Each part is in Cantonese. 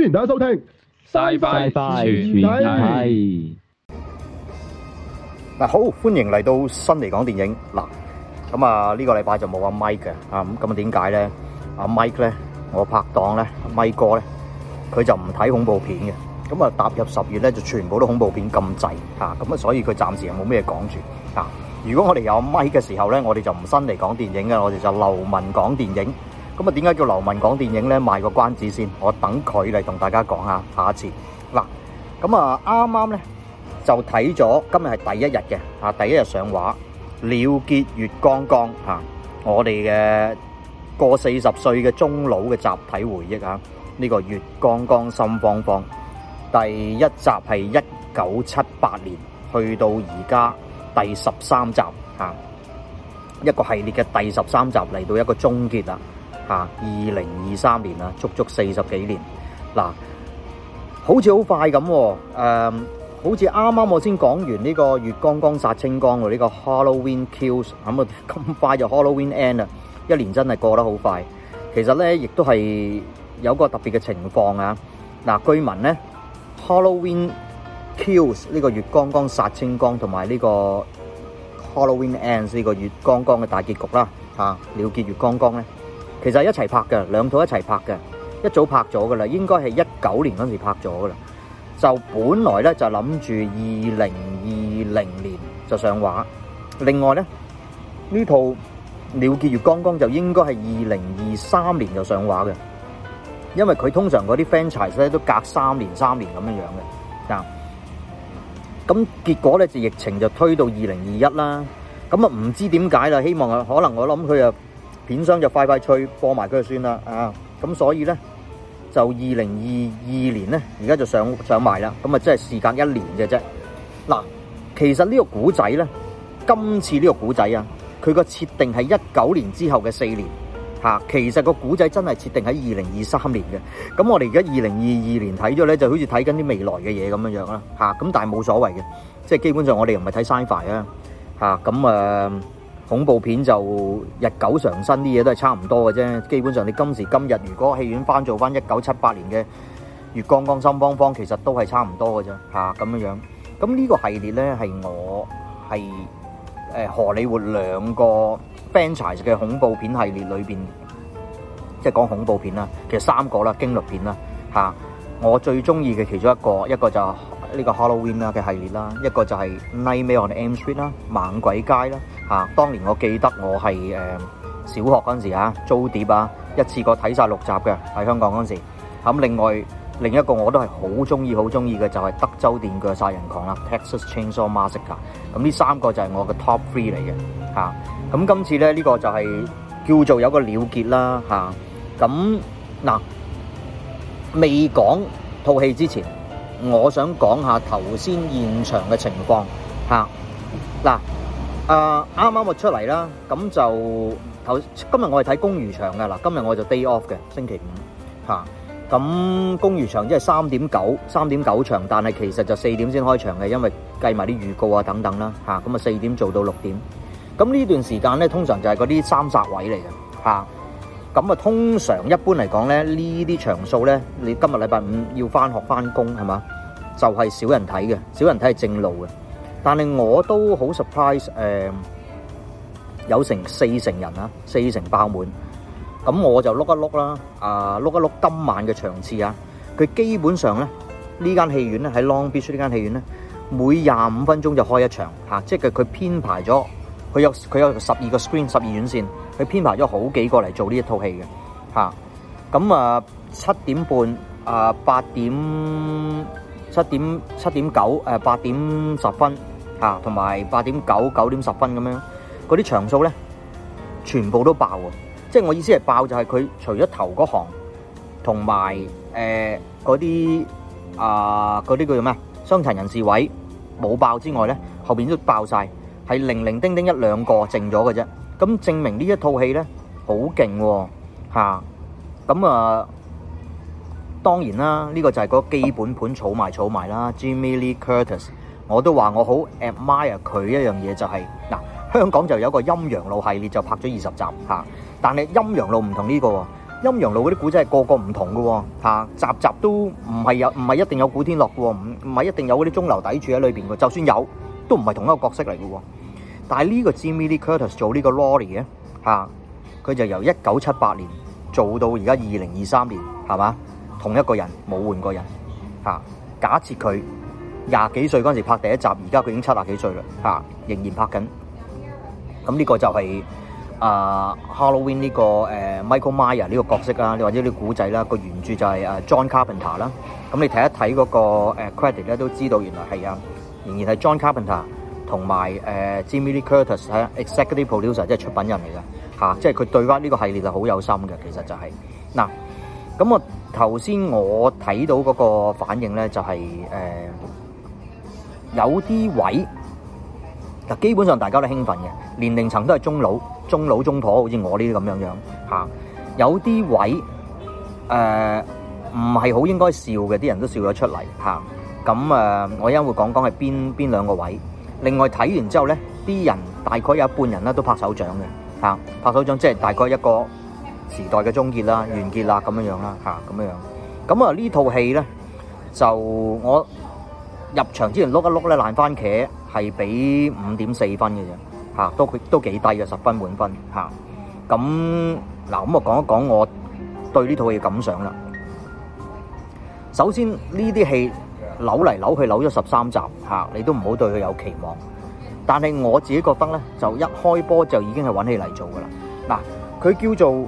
歡迎大家收聽，拜拜拜拜拜。嗱，好歡迎嚟到辛尼講電影。嗱，咁啊呢個禮拜就冇阿 Mike 嘅啊，咁咁點解咧？阿 Mike 咧，我拍檔咧，Mike 哥咧，佢就唔睇恐怖片嘅。咁啊，踏入十月咧，就全部都恐怖片禁制吓，咁啊，所以佢暫時又冇咩講住啊。如果我哋有 Mike 嘅時候咧，我哋就唔辛尼講電影嘅，我哋就劉文講電影。咁啊，點解叫辛尼講電影呢？賣個關子先，我等佢嚟同大家講下。下一次嗱，咁啊，啱啱呢就睇咗今日係第一日嘅啊，第一日上畫了結月光光！我哋嘅過四十歲嘅中老嘅集體回憶啊！呢個月光光心慌慌，第一集係一九七八年，去到而家第十三集啊，一個系列嘅第十三集嚟到一個終結啦。啊！二零二三年啦，足足四十幾年嗱，好似好快咁誒、嗯，好似啱啱我先講完呢個月光光殺清光喎，呢、這個 Halloween Kills 咁啊，咁快就 Halloween End 啦，一年真係過得好快。其實咧，亦都係有個特別嘅情況啊。嗱，居民咧，Halloween Kills 呢個月光光殺清光，同埋呢個 Halloween End 呢個月光光嘅大結局啦，啊，了結月光光咧。其實一齊拍嘅，兩套一齊拍嘅，一早拍咗噶啦，應該係一九年嗰時拍咗噶啦。就本來咧就諗住二零二零年就上畫。另外咧呢套《了結月光光》就應該係二零二三年就上畫嘅，因為佢通常嗰啲 franchise 咧都隔三年三年咁樣樣嘅。嗱，咁結果咧就疫情就推到二零二一啦。咁啊唔知點解啦，希望啊可能我諗佢啊。片商就快快脆播埋佢就算啦啊！咁所以咧，就二零二二年咧，而家就上上埋啦。咁啊，即係時隔一年嘅啫。嗱、啊，其實個呢個古仔咧，今次呢個古仔啊，佢個設定係一九年之後嘅四年，吓、啊，其實個古仔真係設定喺二零二三年嘅。咁、啊、我哋而家二零二二年睇咗咧，就好似睇緊啲未來嘅嘢咁樣樣啦，吓、啊。咁但係冇所謂嘅，即係基本上我哋又唔係睇 sci-fi 啊，吓咁啊。啊恐怖片就日久常新，啲嘢都係差唔多嘅啫，基本上你今時今日如果戲院翻做翻一九七八年嘅《月光光心慌慌》，其實都係差唔多嘅啫，吓，咁樣樣，咁呢個系列咧係我係誒，荷里活兩個 franchise 嘅恐怖片系列裏邊，即係講恐怖片啦，其實三個啦驚慄片啦吓，我最中意嘅其中一個一個就是。呢個 Halloween 啦嘅系列啦，一個就係 Nightmare on Elm Street 啦，猛鬼街啦。吓、啊，當年我記得我係誒、呃、小學嗰陣時啊，租碟啊，一次過睇晒六集嘅，喺香港嗰陣時候。咁、啊、另外另一個我都係好中意、好中意嘅就係德州電鋸殺人狂啦，Texas Chainsaw Massacre、啊。咁呢三個就係我嘅 Top Three 嚟嘅。吓、啊、咁、啊、今次咧呢、這個就係、是、叫做有個了結啦。吓、啊，咁嗱未講套戲之前。我想講下頭先現場嘅情況吓。嗱，啱啱我出嚟啦，咁就頭今日我係睇公餘場㗎啦，今日我就 day off 嘅星期五。咁公餘場即係三點九三點九場，但係其實就四點先開場嘅，因為計埋啲預告啊等等啦。咁啊，四點做到六點，咁呢段時間咧，通常就係嗰啲三殺位嚟嘅。咁啊通常一般嚟講咧呢啲場數咧，你今日禮拜五要返學返工係嘛？就係少人睇嘅，少人睇係正路嘅，但係我都好 surprise 誒，有成四成人啊，四成爆滿。咁我就碌一碌啦，啊碌一碌今晚嘅場次啊，佢基本上咧呢間戲院咧喺 Long Beach 呢間戲院咧，每廿五分鐘就開一場嚇，即係佢佢編排咗，佢有佢有十二個 screen 十二院線，佢編排咗好幾個嚟做呢一套戲嘅嚇。咁啊七點半啊八點。七點七點九，誒八點十分吓，同埋八點九九點十分咁樣，嗰啲場數咧全部都爆喎，即係我意思係爆就係佢除咗頭嗰行同埋誒嗰啲啊嗰啲叫做咩傷殘人士位冇爆之外咧，後邊都爆晒，係零零丁丁一兩個剩咗嘅啫，咁證明呢一套戲咧好勁喎吓，咁啊。當然啦，呢、呢個就係嗰個基本盤，儲埋儲埋啦。Jamie Lee Curtis，我都話我好 admire 佢一樣嘢、就係，就係嗱香港就有個，就、呢個《陰陽路》系列，就拍咗二十集。但係《陰陽路》唔同呢個，《陰陽路》嗰啲古仔係個個唔同嘅喎。集集都唔係有唔係一定有古天樂喎，唔唔係一定有嗰啲中流砥柱喺裏面嘅。就算有，都唔係同一個角色嚟嘅。但係呢個 Jamie Lee Curtis 做呢個 Laurie 嘅，佢就由一九七八年做到而家二零二三年，係嘛？同一個人冇換過人，假設佢廿幾歲嗰陣時拍第一集，而家佢已經七十幾歲啦，仍然拍緊。咁呢個就係啊 uh, Halloween 呢個 Michael Myers 呢個角色啦，或者啲古仔啦，個原著就係啊 John Carpenter 啦。咁你睇一睇嗰個 credit 咧，都知道原來係啊，仍然係 John Carpenter 同埋 Jimmy Curtis 咧，Executive Producer 即係出品人嚟㗎。即係佢對翻呢個系列就好有心嘅，其實就係嗱。咁啊，頭先我睇到嗰個反應咧，就係、是、誒、呃、有啲位，嗱基本上大家都興奮嘅，年齡層都係中老、中老、中婆，好似我呢啲咁樣樣、啊、有啲位誒唔係好應該笑嘅，啲人都笑咗出嚟吓。咁誒，我一陣會講講係邊邊兩個位。另外睇完之後咧，啲人大概有一半人啦都拍手掌嘅、啊、拍手掌即係、就是、大概一個。時代嘅終結啦，完結啦，咁樣樣啦嚇，咁樣樣咁啊。呢套戲咧，就我入場之前碌一碌咧，《爛番茄》係俾五點四分嘅啫嚇，都都幾低嘅十分滿分嚇。咁嗱，咁我講一講我對呢套戲嘅感想啦。首先呢啲戲扭嚟扭去扭咗十三集嚇，你都唔好對佢有期望。但係我自己覺得咧，就一開波就已經係揾戲嚟做嘅啦。嗱，佢叫做。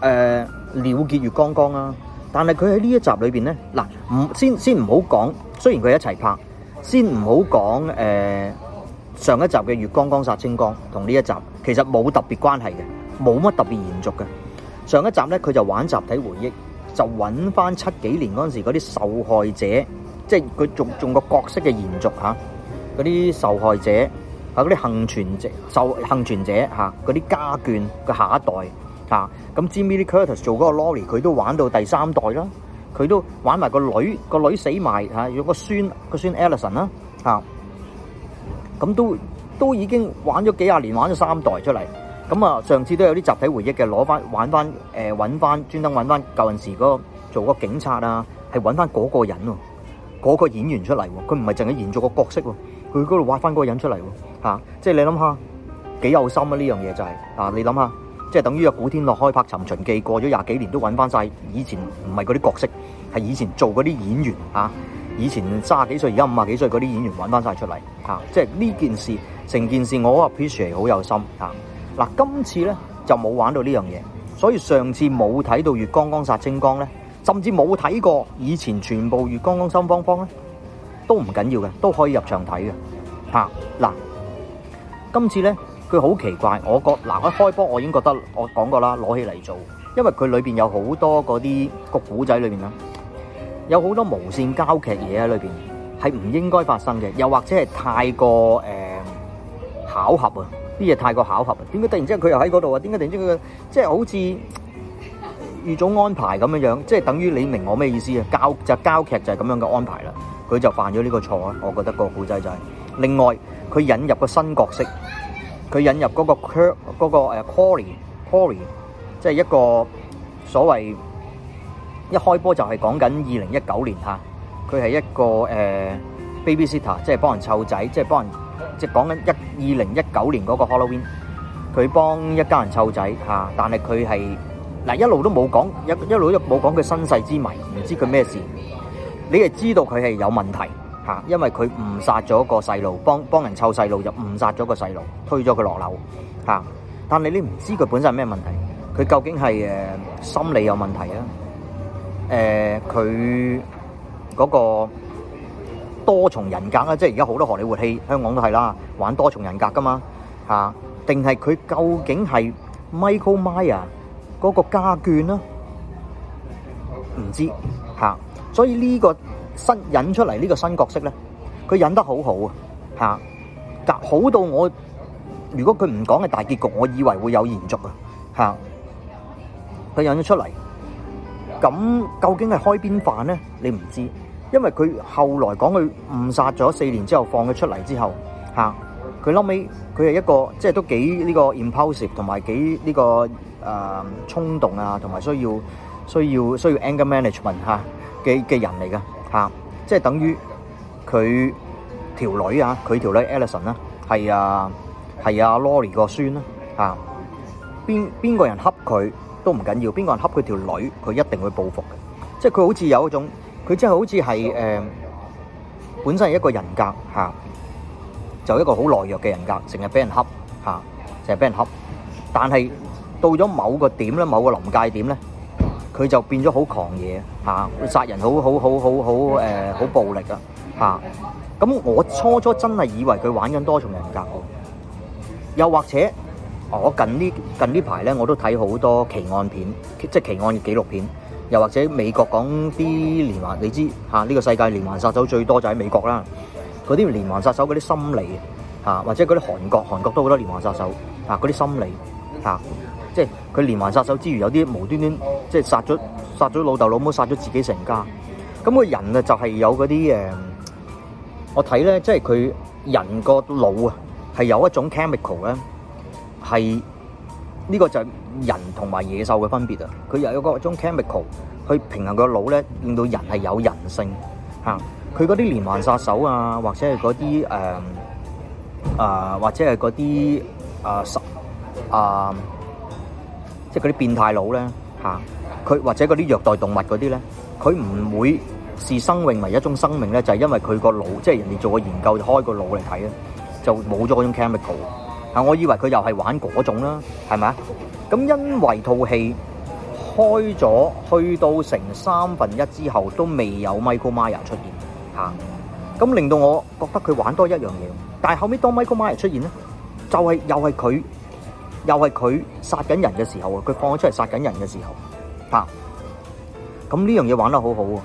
誒、呃，了結月光光啊，但係佢喺呢一集裏邊咧，嗱唔先先唔好講，雖然佢一齊拍，先唔好講誒，上一集嘅月光光殺清光同呢一集其實冇特別關係嘅，冇乜特別延續嘅。上一集咧佢就玩集體回憶，就揾翻七幾年嗰陣時嗰啲受害者，即係佢續仲個角色嘅延續吓，嗰、啊、啲受害者，啊嗰啲幸存者，受幸存者吓，嗰、啊、啲家眷嘅下一代。咁 Jamie Lee Curtis 做嗰個 Laurie，佢都玩到第三代啦，佢都玩埋個女，個女死埋有個孫，個孫 Allyson 啦，咁都都已經玩咗幾廿年，玩咗三代出嚟。咁啊，上次都有啲集體回憶嘅，攞翻玩翻，搵返，翻專登搵翻舊陣時嗰個做個警察啊，係搵翻嗰個人喎，嗰個演員出嚟喎，佢唔係淨係延續個角色喎，佢嗰度玩翻嗰個人出嚟喎，即係你諗下幾有心啊呢樣嘢就係，你諗下。即係等於啊古天樂開拍《尋秦記》，過咗廿幾年都揾翻晒以前唔係嗰啲角色，係以前做嗰啲演員啊，以前卅幾歲，而家五十幾歲嗰啲演員揾翻晒出嚟啊！即係呢件事，成件事，我阿 Pierre 好有心啊！嗱，今次咧就冇玩到呢樣嘢，所以上次冇睇到《月光光殺清光》咧，甚至冇睇過以前全部《月光光心慌慌》咧，都唔緊要嘅，都可以入場睇嘅。吓嗱，今次咧。佢好奇怪，我覺嗱，一開波我已經覺得我講過啦，攞起嚟做，因為佢裏邊有好多嗰啲個古仔裏邊啦，有好多無線交劇嘢喺裏邊，係唔應該發生嘅，又或者係太過誒巧合啊！啲嘢太過巧合呀，點解突然之間佢又喺嗰度啊？點解突然之間佢即係好似預早安排咁樣樣，即係等於你明我咩意思啊？交就、交劇就係咁樣嘅安排啦。佢就犯咗呢個錯啊！我覺得個古仔就係、另外佢引入個新角色。佢引入嗰個 core 嗰、嗰個誒 Corey Corey，即係一個所謂一開波就係講緊二零一九年吓，佢係一個誒 baby sitter，即係幫人湊仔，即係幫人即係講緊一二零一九年嗰個 Halloween，佢幫一家人湊仔吓，但係佢係嗱一路都冇講一一路都冇講佢身世之謎，唔知佢咩事，你係知道佢係有問題。吓，因為佢誤殺咗個細路，幫幫人湊細路就誤殺咗個細路，推咗佢落樓，吓。但係你唔知佢本身係咩問題，佢究竟係誒、呃、心理有問題啊？誒、呃，佢嗰個多重人格啊，即係而家好多荷里活戲，香港都係啦，玩多重人格噶嘛，吓、啊。定係佢究竟係 Michael Myers 嗰個家眷啦？唔知吓、啊，所以呢、這個。新引出嚟呢個新角色咧，佢引得好好啊，吓，好到我如果佢唔講嘅大結局，我以為會有延續啊，吓，佢引咗出嚟，咁究竟係開邊飯咧？你唔知，因為佢後來講佢誤殺咗四年之後放佢出嚟之後，吓，佢嬲尾佢係一個即係都幾呢個 impulsive 同埋幾呢個誒衝動啊，同埋需要需要需要 anger management，吓嘅嘅人嚟噶。吓，即係等於佢條女啊，佢條女 Allison 啦，係啊係啊 Lori 個孫啦，吓，邊邊個人恰佢都唔緊要，邊個人恰佢條女，佢一定會報復嘅，即係佢好似有一種，佢真係好似係誒，本身係一個人格吓，啊，就一個好懦弱嘅人格，成日俾人恰吓，成日俾人恰，但係到咗某個點咧，某個臨界點咧。佢就變咗好狂野嚇，殺人好好好好好誒，好暴力啊嚇！咁我初初真係以為佢玩緊多重人格喎，又或者我近呢近呢排咧，我都睇好多奇案片，即係奇案紀錄片，又或者美國講啲連環，你知嚇呢個世界連環殺手最多就喺美國啦，嗰啲連環殺手嗰啲心理嚇，或者嗰啲韓國韓國都好多連環殺手啊，嗰啲心理嚇。即係佢連環殺手之餘，有啲無端端即係殺咗殺咗老豆老母，殺咗自己成家。咁個人啊，就係有嗰啲誒，我睇咧，即係佢人個腦啊，係有一種 chemical 咧，係、這、呢個就係人同埋野獸嘅分別啊。佢有一個種 chemical 去平衡個腦咧，令到人係有人性嚇。佢嗰啲連環殺手啊，或者係嗰啲誒啊，或者係嗰啲啊啊。呃即係嗰啲變態佬咧，佢或者嗰啲虐待動物嗰啲咧，佢唔會視生命為一種生命咧，就係因為佢個腦，即係人哋做個研究開個腦嚟睇咧，就冇咗嗰種 chemical。嚇，我以為佢又係玩嗰種啦，係咪啊？咁因為套戲開咗去到成三分一之後都未有 Michael Myers 出現嚇，咁令到我覺得佢玩多一樣嘢。但係後尾當 Michael Myers 出現咧，就係又係佢。又係佢殺緊人嘅時候啊！佢放咗出嚟殺緊人嘅時候，啊！咁呢樣嘢玩得好好啊！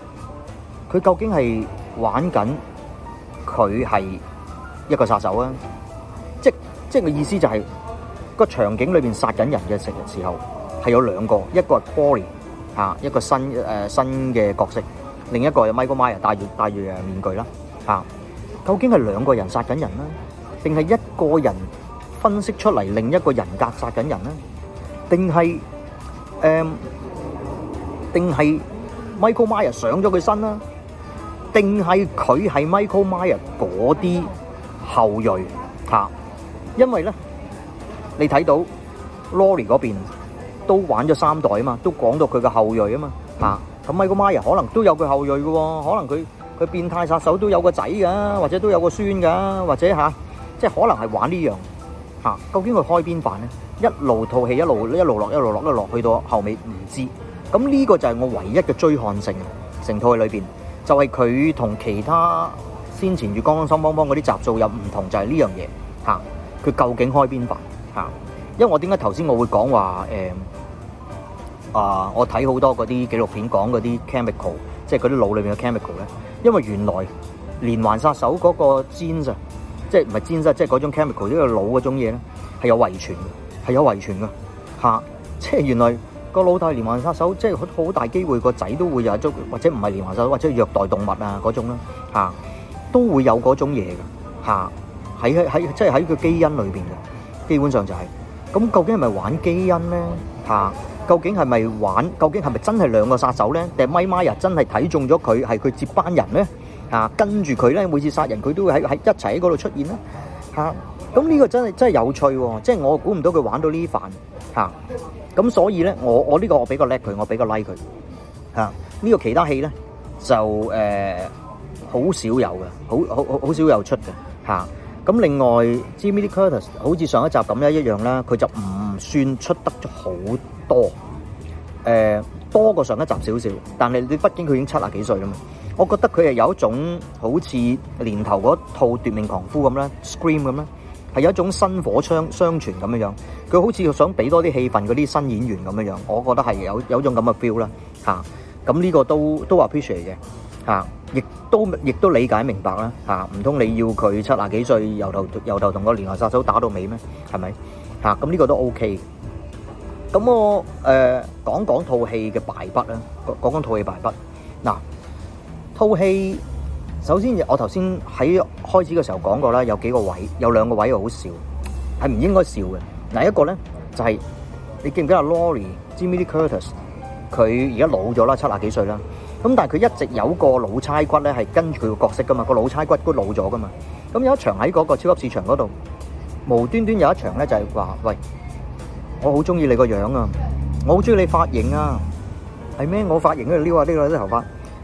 佢究竟係玩緊佢係一個殺手啊？即係即係個意思就係個場景裏邊殺緊人嘅時時候係有兩個，一個係 Corey 啊，一個新誒新嘅角色，另一個係 Michael Myers 戴住戴住誒面具啦，啊！究竟係兩個人殺緊人咧，定係一個人？分析出嚟另一個人格殺緊人呢定係誒？定係、呃、Michael Myers 上咗佢身啦？定係佢係 Michael Myers 嗰啲後裔，因為咧，你睇到 Lori 嗰邊都玩咗三代啊嘛，都講到佢嘅後裔嘛、嗯、啊嘛嚇。咁 Michael Myers 可能都有佢後裔嘅喎，可能佢佢變態殺手都有個仔噶，或者都有個孫噶，或者吓、啊，即係可能係玩呢樣。嚇！究竟佢開邊瓣咧？一路套戲一路一路落一路落一路落，去到後尾唔知。咁呢個就係我唯一嘅追看性，成套裏邊就係佢同其他先前月光光心慌慌嗰啲集數有唔同，就係呢樣嘢嚇。佢究竟開邊瓣嚇？因為我點解頭先我會講話誒啊？我睇好多嗰啲紀錄片講嗰啲 chemical，即係嗰啲腦裏邊嘅 chemical 咧，因為原來連環殺手嗰個尖即係唔係 genes 即係嗰種 chemical，呢個腦嗰種嘢咧係有遺傳嘅，係有遺傳噶吓、啊，即係原來個老太連環殺手，即係好好大機會個仔都會有足，或者唔係連環殺手，或者虐待動物那啊嗰種啦吓，都會有嗰種嘢嘅吓，喺、啊、喺即係喺佢基因裏邊嘅，基本上就係、是。咁究竟係咪玩基因咧吓、啊，究竟係咪玩？究竟係咪真係兩個殺手咧？定係咪馬日真係睇中咗佢係佢接班人咧？啊，跟住佢咧，每次殺人佢都喺喺一齊喺嗰度出現啦，咁、啊、呢個真係真係有趣喎、啊，即、就、係、是、我估唔到佢玩到呢啲範，咁、啊、所以咧，我我呢個我比較叻佢，我比較 like 佢，呢、啊這個其他戲咧就好、呃、少有嘅，好好好好少有出嘅，咁、啊、另外 Jamie Lee Curtis 好似上一集咁樣一樣啦，佢就唔算出得咗好多、呃，多過上一集少少，但係你畢竟佢已經七啊幾歲啦嘛。我覺得佢係有一種好似年頭嗰套奪命狂夫咁咧，Scream 咁咧，係有一種薪火相傳咁樣樣。佢好似想俾多啲氣氛嗰啲新演員咁樣樣，我覺得係有有種咁嘅 feel 啦。吓，咁呢個都都話 appreciate 嘅。吓，亦都亦都理解明白啦。吓，唔通你要佢七啊幾歲由頭由頭同個連環殺手打到尾咩？係咪？吓，咁呢個都 OK。咁我誒講講套戲嘅敗筆啦，講講套戲敗筆嗱。套戲首先，我頭先喺開始嘅時候講過啦，有幾個位，有兩個位好笑，係唔應該笑嘅。嗱，一個咧就係你記唔記得阿 Laurie Jamie Curtis，佢而家老咗啦，七啊幾歲啦。咁但係佢一直有個老差骨咧，係跟住佢個角色噶嘛，個老差骨都老咗噶嘛。咁有一場喺嗰個超級市場嗰度，無端端有一場咧就係話，喂，我好中意你個樣啊，我好中意你髮型啊，係咩？我髮型喺度撩下呢個啲頭髮。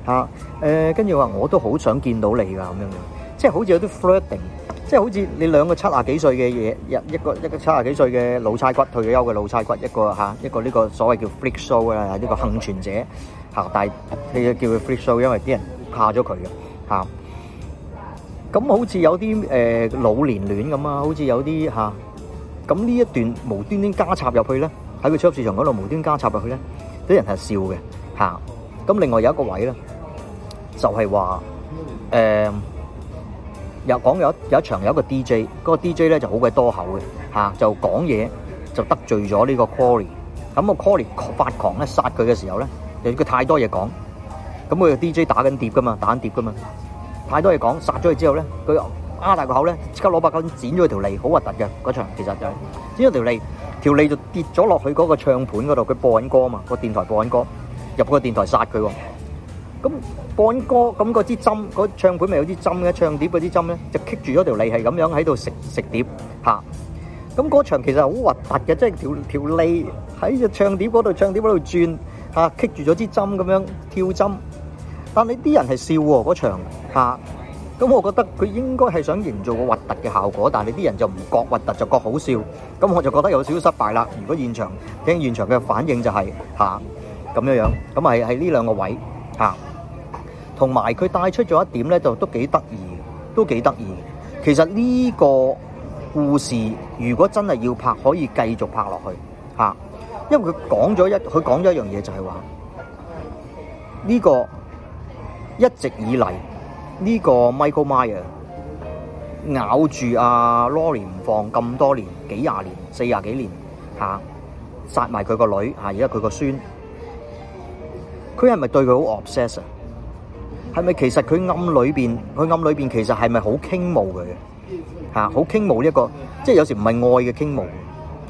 吓，誒，跟住我話我都好想見到你噶，咁樣樣，即係好似有啲 flirting，即係好似你兩個七廿幾歲嘅嘢，一一個一個七廿幾歲嘅老差骨退休嘅老差骨，一個吓，一個呢個所謂叫 freak show 啦，呢個幸存者，吓，但係你叫佢 freak show，因為啲人怕咗佢嘅，吓，咁好似有啲誒老年戀咁啊，好似有啲吓，咁呢一段無端端加插入去咧，喺個超級市場嗰度無端加插入去咧，啲人係笑嘅，吓，咁另外有一個位咧。就係話，誒有講有有一場有一個 DJ，嗰個 DJ 咧就好鬼多口嘅嚇，就講嘢就得罪咗呢個 Corey 咁個 Corey 發狂咧殺佢嘅時候咧，由於佢太多嘢講，咁佢 DJ 打緊碟噶嘛，打緊碟噶嘛，太多嘢講，殺咗佢之後咧，佢啊大個口咧，即刻攞把刀剪咗佢條脷，好核突嘅嗰場，其實就係、剪咗條脷，條脷就跌咗落去嗰個唱盤嗰度，佢播緊歌啊嘛，個電台播緊歌，入個電台殺佢喎、哦。咁播歌咁嗰支針，嗰唱盤咪有支針嘅？唱碟嗰支針咧，就棘住咗條脷，係咁樣喺度食食碟嚇。咁嗰場其實好核突嘅，即係條條脷喺隻唱碟嗰度，唱碟嗰度轉嚇棘住咗支針咁樣跳針。但你啲人係笑喎嗰場嚇。咁我覺得佢應該係想營造個核突嘅效果，但係你啲人就唔覺核突，就覺好笑。咁我就覺得有少少失敗啦。如果現場聽現場嘅反應就係嚇咁樣樣，咁係喺呢兩個位嚇。同埋佢帶出咗一點咧，就都幾得意，都幾得意。其實呢個故事如果真係要拍，可以繼續拍落去嚇，因為佢講咗一，佢講咗一樣嘢就係話，呢個一直以嚟呢個 Michael Myers 咬住阿 Lori 唔放咁多年，幾廿年、四十幾年嚇，殺埋佢個女嚇，而家佢個孫，佢係咪對佢好 obsess 啊？係咪其實佢暗裏邊，佢暗裏邊其實係咪好傾慕佢嘅？嚇，好傾慕呢一個，即係有時唔係愛嘅傾慕，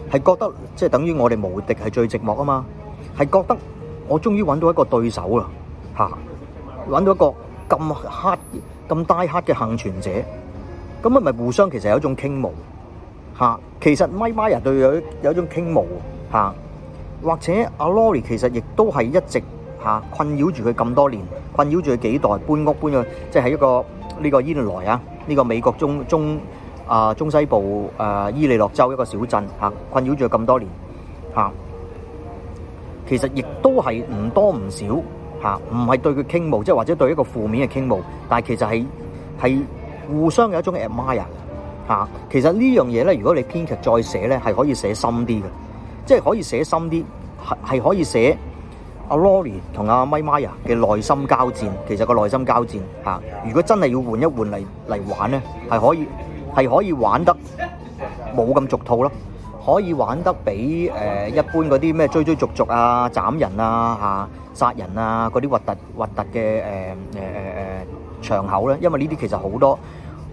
係覺得即係等於我哋無敵係最寂寞啊嘛。係覺得我終於揾到一個對手啦，嚇揾到一個咁黑咁大黑嘅幸存者，咁係咪互相其實有一種傾慕嚇？其實咪咪又對佢有一種傾慕嚇，或者阿 Lori 其實亦都係一直嚇困擾住佢咁多年。困擾住佢幾代搬屋搬咗，即係一個呢、這個伊內萊啊，呢個美國中中啊、呃、中西部誒、呃、伊利諾州一個小鎮嚇，困擾住咗咁多年嚇、啊。其實亦都係唔多唔少嚇，唔、啊、係對佢傾慕，即係或者對一個負面嘅傾慕，但係其實係係互相有一種 admire 嘅、啊、其實這件事呢樣嘢咧，如果你編劇再寫咧，係可以寫深啲嘅，即、就、係、是、可以寫深啲，係可以寫。阿 Laurie 同阿咪咪啊嘅內心交戰，其實個內心交戰嚇。如果真係要換一換嚟嚟玩咧，係可以係可以玩得冇咁俗套咯，可以玩得比誒一般嗰啲咩追追逐逐啊、斬人啊、嚇殺人啊嗰啲核突核突嘅誒誒誒誒場口咧，因為呢啲其實好多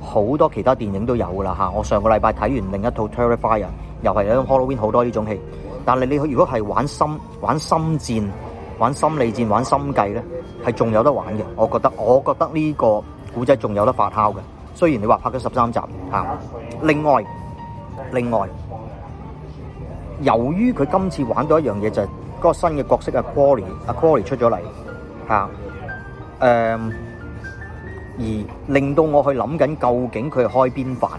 好多其他電影都有噶啦嚇。我上個禮拜睇完另一套《Terrifier》，又係呢種 Halloween 好多呢種戲。但係你如果係玩心，玩心戰。玩心理戰、玩心計咧，係仲有得玩嘅。我覺得，我覺得呢個古仔仲有得發酵嘅。雖然你話拍咗十三集嚇，另外另外，由於佢今次玩到一樣嘢，就係嗰個新嘅角色阿 Cory 阿 Cory 出咗嚟嚇，誒而令到我去諗緊究竟佢係開邊瓣。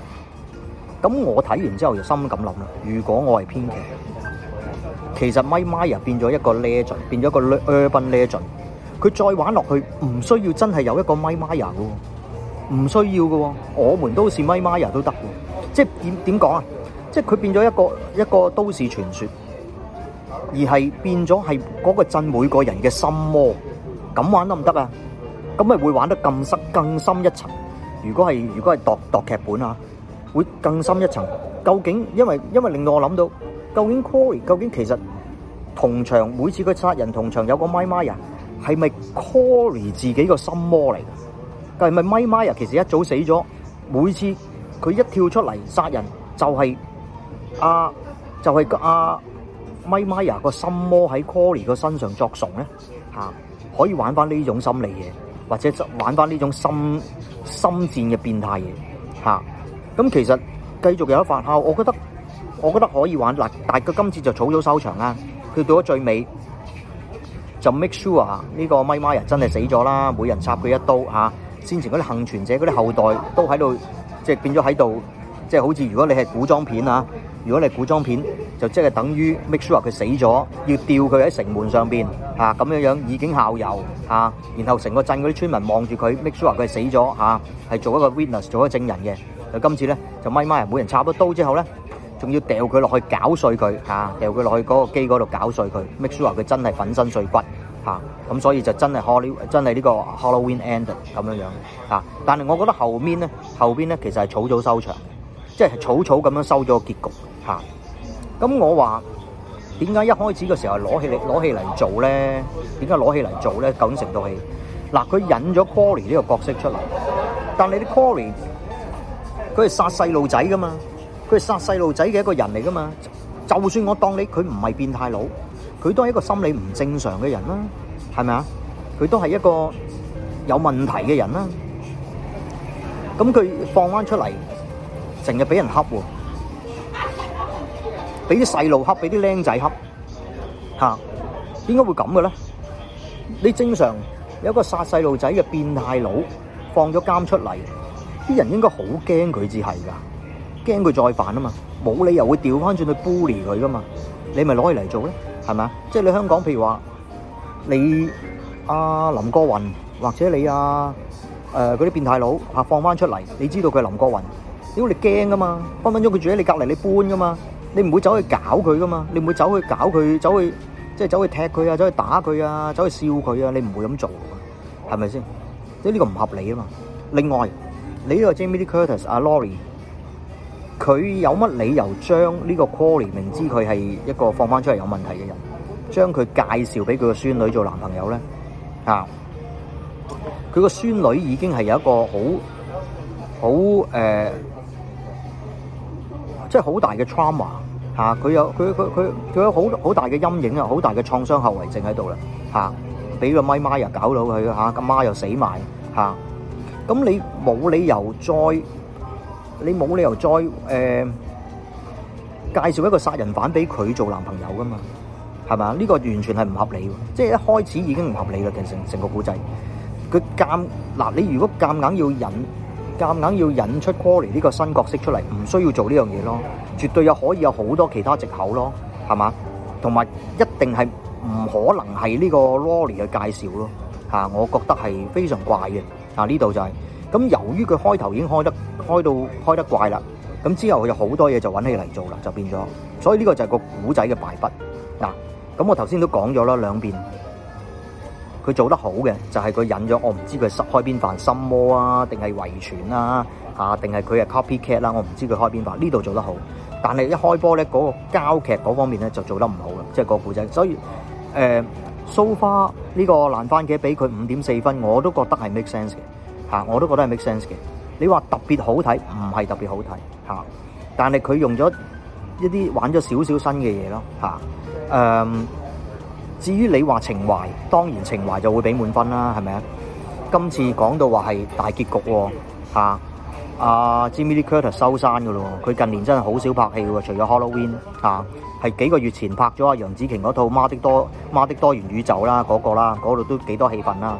咁我睇完之後就心咁諗啦，如果我係編劇。其實 Myers 啊，變咗一個 legend，變咗個 urban legend。佢再玩落去唔需要真係有一個 Myers 噶，唔需要噶。我們都是 Myers 都得嘅，即係點點講啊？即係佢變咗一個一個都市傳說，而係變咗係嗰個鎮每個人嘅心魔。咁玩得唔得啊？咁咪會玩得更深更深一層。如果係如果係度度劇本啊，會更深一層。究竟因為因為令到我諗到。究竟 Corey 究竟，其實同場每次佢殺人同場有個咪咪啊，係咪 Corey 自己個心魔嚟噶？但係咪咪咪啊？其實一早死咗，每次佢一跳出嚟殺人，就係啊，就係、是、啊就係個啊咪咪啊個心魔喺 Corey 個身上作祟咧吓，可以玩翻呢種心理嘢，或者玩翻呢種心心戰嘅變態嘢吓。咁、啊、其實繼續有一發酵，我覺得。我覺得可以玩嗱，但佢今次就草草收場啦。佢到咗最尾就 make sure 啊，呢個咪咪人真係死咗啦，每人插佢一刀嚇。先前嗰啲幸存者嗰啲後代都喺度，即係變咗喺度，即係好似如果你係古裝片啊，如果你係古裝片就即係等於 make sure 佢死咗，要吊佢喺城門上邊啊咁樣樣，以儆效尤啊。然後成個鎮嗰啲村民望住佢，make sure 佢死咗嚇，係做一個 witness 做一個證人嘅。咁今次咧就咪咪人，每人插咗刀之後咧，仲要掉佢落去搞碎佢嚇，掉佢落去嗰個機嗰度搞碎佢。make sure 話佢真係粉身碎骨咁、啊、所以就真係 holiday 真係呢個 Halloween end 咁樣樣、啊、但係我覺得後面咧，後面咧其實係草草收場，即係草草咁樣收咗個結局咁、啊、我話點解一開始嘅時候攞起攞起嚟做咧？點解攞起嚟做咧？咁成套戲嗱，佢、啊、引咗 Cory 呢個角色出嚟，但你啲 Cory 佢係殺細路仔噶嘛。佢係殺細路仔嘅一個人嚟噶嘛。就算我當你佢唔係變態佬，佢都係一個心理唔正常嘅人啦，係咪啊？佢都係一個有問題嘅人啦。咁佢放翻出嚟，成日俾人恰喎，俾啲細路恰，俾啲僆仔恰，吓，點解會咁嘅咧？你正常有一個殺細路仔嘅變態佬，放咗監出嚟，啲人應該好驚佢至係噶。驚佢再犯啊嘛，冇理由會調翻轉去 bully 佢噶嘛，你咪攞嚟嚟做咧，係咪啊？即係你香港，譬如話你阿林國雲或者你阿誒嗰啲變態佬吓放翻出嚟，你知道佢係林國雲，屌你驚噶嘛，分分鐘佢住喺你隔籬，你搬噶嘛，你唔會走去搞佢噶嘛，你唔會走去搞佢，走去即係走去踢佢啊，走去打佢啊，走去笑佢啊，你唔會咁做噶嘛，係咪先？即係呢個唔合理啊嘛。另外，你呢個 Jamie Lee Curtis 阿 Laurie。佢有乜理由將呢個 Corey 明知佢係一個放翻出嚟有問題嘅人，將佢介紹俾佢個孫女做男朋友咧？佢、啊、個孫女已經係有一個好好誒，即係好大嘅 trauma 佢、啊、有佢佢佢佢有好好大嘅陰影啊，好大嘅創傷後遺症喺度啦嚇。俾、啊、個咪媽又搞到佢嚇，個、啊、媽又死埋嚇。咁、啊、你冇理由再，你冇理由再誒、呃、介紹一個殺人犯俾佢做男朋友噶嘛？係嘛？呢、呢個完全係唔合理喎！即係一開始已經唔合理啦，其成成個故仔。佢夾嗱、呃，你如果夾硬要引，夾硬要引出 Corey 呢個新角色出嚟，唔需要做呢樣嘢咯。絕對又可以有好多其他藉口咯，係嘛？同埋一定係唔可能係呢個 Laurie 嘅介紹咯。啊、我覺得係非常怪嘅。呢、啊、度就係、是。咁由於佢開頭已經開得開到開得怪啦，咁之後佢有好多嘢就搵起嚟做啦，就變咗。所以呢個就係個古仔嘅敗筆嗱。咁我頭先都講咗啦兩邊，佢做得好嘅就係、是、佢引咗，我唔知佢開邊飯，心魔啊，定係遺傳啊，定、啊、係佢係 copycat 啦、啊，我唔知佢開邊飯，呢度做得好，但係一開波咧嗰個膠劇嗰方面咧就做得唔好啦，即係個古仔。所以誒，so far 呢個爛番茄俾佢五點四分，我都覺得係 make sense 嘅。我都覺得係 make sense 嘅。別小小嗯、你話特別好睇，唔係特別好睇，但係佢用咗一啲玩咗少少新嘅嘢咯。至於你話情懷，當然情懷就會俾滿分啦，係咪啊？今次講到話係大結局喎。阿、啊、Jamie Curtis 收山噶咯，佢近年真係好少拍戲喎，除咗 Halloween 係、啊、幾個月前拍咗阿楊紫瓊嗰套《媽的多、媽的多元宇宙》啦、那、嗰個啦，嗰、那、度、個那個、都幾多戲份啦。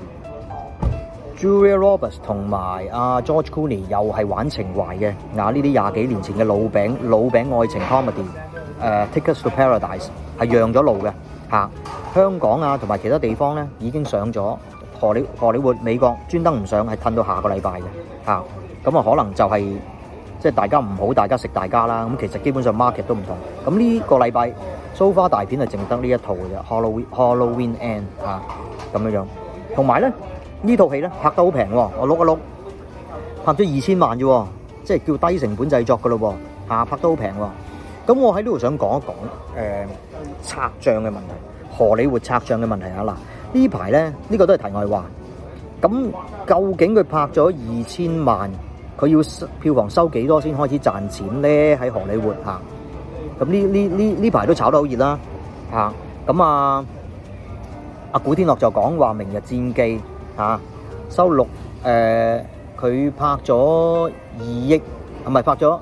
Julia Roberts 同埋 George Clooney 又係玩情懷嘅，啊呢啲廿幾年前嘅老餅，老餅愛情 comedy，uh, Tickets to Paradise 係讓咗路嘅、啊、香港啊同埋其他地方咧已經上咗，荷里荷里活美國專登唔上，係褪到下個禮拜嘅，咁啊可能就係即係大家唔好大家食大家啦。咁其實基本上 market 都唔同。咁呢個禮拜、So far 大片啊淨得呢一套嘅 Halloween Halloween End 嚇咁樣樣，同埋咧。呢套戲咧拍得好平喎，我碌一碌，拍咗二千萬啫，即係叫低成本製作㗎咯喎，嚇，拍得好平喎。咁我喺呢度想講一講，誒拆賬嘅問題，荷里活拆賬嘅問題啊嗱，呢排咧呢個都係題外話。咁究竟佢拍咗二千萬，佢要票房收幾多先開始賺錢咧？喺荷里活嚇，咁呢呢呢呢排都炒得好熱啦嚇。咁啊，阿古天樂就講話明日戰記。」啊！收六誒、呃，佢拍咗二億，唔係拍咗啊。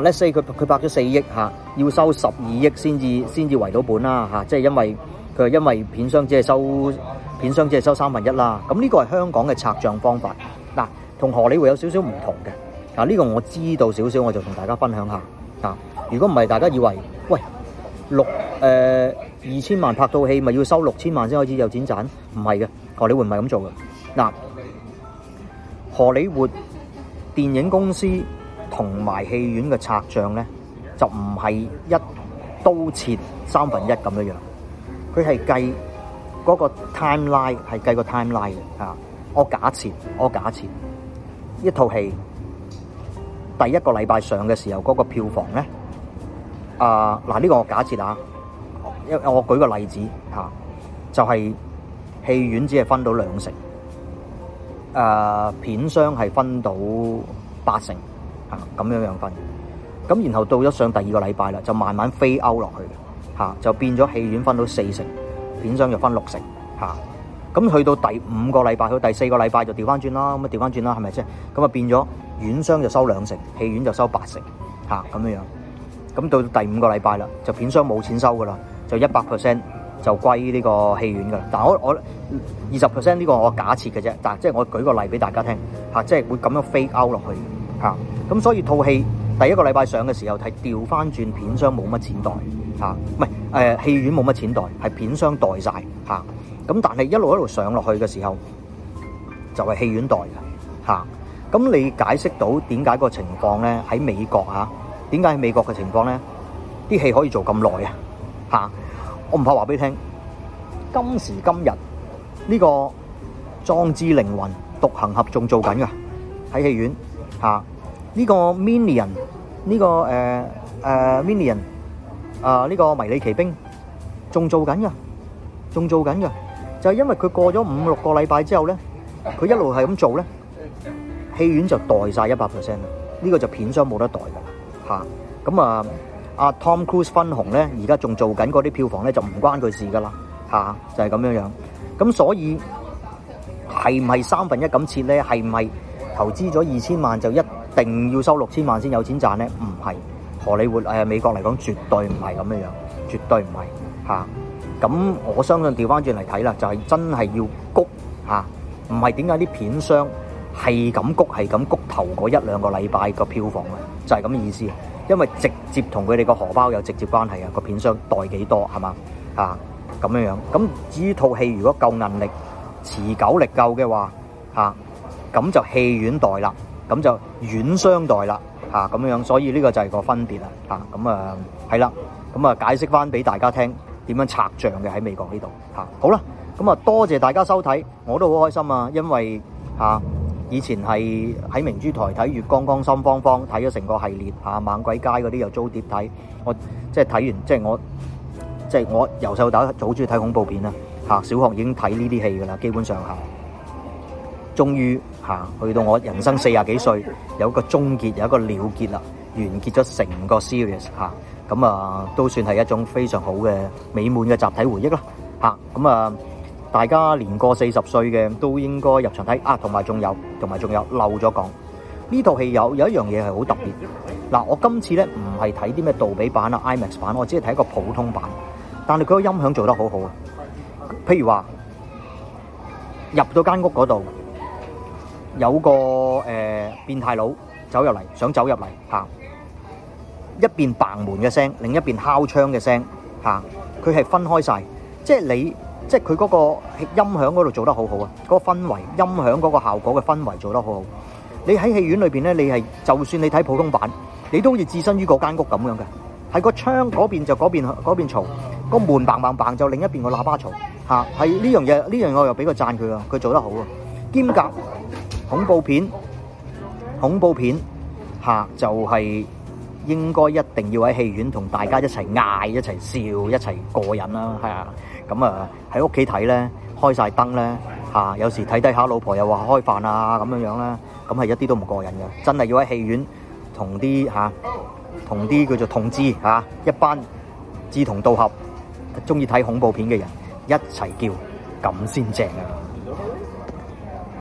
Let's say 佢佢拍咗四億，嚇要收十二億先至先至圍到本啦嚇。即係因為佢係因為片商只係收片商只係收三分一啦。咁呢個係香港嘅拆賬方法嗱，同荷里活有少少唔同嘅嗱。呢、呢個我知道少少，我就同大家分享一下啊。如果唔係，大家以為喂六誒二千萬拍套戲，咪要收六千萬先開始有錢賺？唔係嘅。荷里活唔係咁做嘅，嗱，荷里活電影公司同埋戲院嘅拆賬咧，就唔係一刀切三分一咁樣樣，佢係計嗰個 timeline，係計個 timeline 啊。我假設，我假設，一套戲第一個禮拜上嘅時候嗰個票房咧，啊，嗱呢個我假設啊，因我，我舉個例子吓、啊，就係、是。戲院只係分到兩成，誒，片商係分到八成，吓咁樣樣分。咁然後到咗上第二個禮拜啦，就慢慢飛勾落去吓，就變咗戲院分到四成，片商就分六成，吓咁去到第五個禮拜，去到第四個禮拜就調翻轉啦，咁啊調翻轉啦，係咪先？咁啊變咗院商就收兩成，戲院就收八成，吓咁樣樣。咁到第五個禮拜啦，就片商冇錢收噶啦，就一百 percent。就歸呢個戲院噶啦，但係我我二十 percent 呢個我假設嘅啫，但係即係我舉個例俾大家聽、啊、即係會咁樣 fake out 落去嚇。咁、啊、所以套戲第一個禮拜上嘅時候係調翻轉，片商冇乜錢袋嚇，唔係戲院冇乜錢袋，係、啊、片商袋晒嚇。咁、啊、但係一路一路上落去嘅時候就係、是、戲院袋嘅。咁你解釋到點解個情況咧？喺美國嚇，點解喺美國嘅情況咧？啲戲可以做咁耐啊我唔怕話俾你聽，今時今日呢個《壯志凌雲》獨行俠仲做緊噶，喺戲院吓。呢個 Minion，呢個誒誒 Minion，啊呢個迷你奇兵仲做緊噶，仲做緊噶。就係因為佢過咗五六個禮拜之後咧，佢一路係咁做咧，戲院就袋晒一百 percent 啦。呢個就片商冇得袋噶啦，吓咁啊。阿 Tom Cruise 分紅咧，而家仲做緊嗰啲票房咧，就唔關佢事噶啦、啊，就係咁樣樣。咁所以係唔係三分一咁切咧？係唔係投資咗二千萬就一定要收六千萬先有錢賺咧？唔係，荷里活、呃、美國嚟講絕對唔係咁樣樣，絕對唔係嚇。咁、啊、我相信調翻轉嚟睇啦，就係、是、真係要谷，唔係點解啲片商係咁谷係咁谷頭嗰一兩個禮拜個票房咧？就係咁嘅意思。因為直接同佢哋個荷包有直接關係啊，個片商袋幾多係嘛啊咁樣樣。咁至於套戲如果夠韌力，持久力夠嘅話，吓咁就戲院袋啦，咁就院商袋啦，吓咁樣樣。所以呢個就係個分別啊，吓咁啊係啦，咁、嗯、啊解釋翻俾大家聽點樣拆賬嘅喺美國呢度吓。好啦，咁啊多謝大家收睇，我都好開心啊，因為吓。啊以前係喺明珠台睇《月光光心慌慌》，睇咗成個系列嚇、啊，猛鬼街嗰啲又租碟睇。我即係睇完，即係我即係我由細到大都好中意睇恐怖片啦嚇、啊，小學已經睇呢啲戲噶啦，基本上下。終於嚇，去到我人生四十幾歲，有一個終結，有一個了結啦，完結咗成個 series 嚇、啊，咁啊都算係一種非常好嘅美滿嘅集體回憶啦嚇，咁啊。啊啊大家年過四十歲嘅都應該入場睇啊！同埋仲有，同埋仲有漏咗講呢套戲有有一樣嘢係好特別嗱。我今次咧唔係睇啲咩杜比版啊 IMAX 版，我只係睇一個普通版，但係佢個音響做得好好啊。譬如話入到間屋嗰度，有個誒變態佬走入嚟，想走入嚟嚇，一邊掟門嘅聲，另一邊敲窗嘅聲嚇，佢係分開晒，即係你。即係佢嗰個音響嗰度做得好好啊，嗰個氛圍音響嗰個效果嘅氛圍做得好好。你喺戲院裏邊咧，你係就算你睇普通版，你都好似置身於個間屋咁樣嘅。喺個窗嗰邊就嗰邊嗰邊嘈，個門棒棒棒，就另一邊個喇叭嘈吓。係呢樣嘢呢樣我又俾個讚佢啊，佢做得好啊。兼夾恐怖片，恐怖片吓就係。應該一定要喺戲院同大家一齊嗌、一齊笑、一齊過癮啦，係啊！咁啊喺屋企睇咧，開晒燈咧，嚇、啊、有時睇低下老婆又話開飯啊咁樣樣啦，咁、嗯、係一啲都唔過癮嘅。真係要喺戲院同啲嚇同啲叫做同志嚇、啊、一班志同道合、中意睇恐怖片嘅人一齊叫，咁先正啊！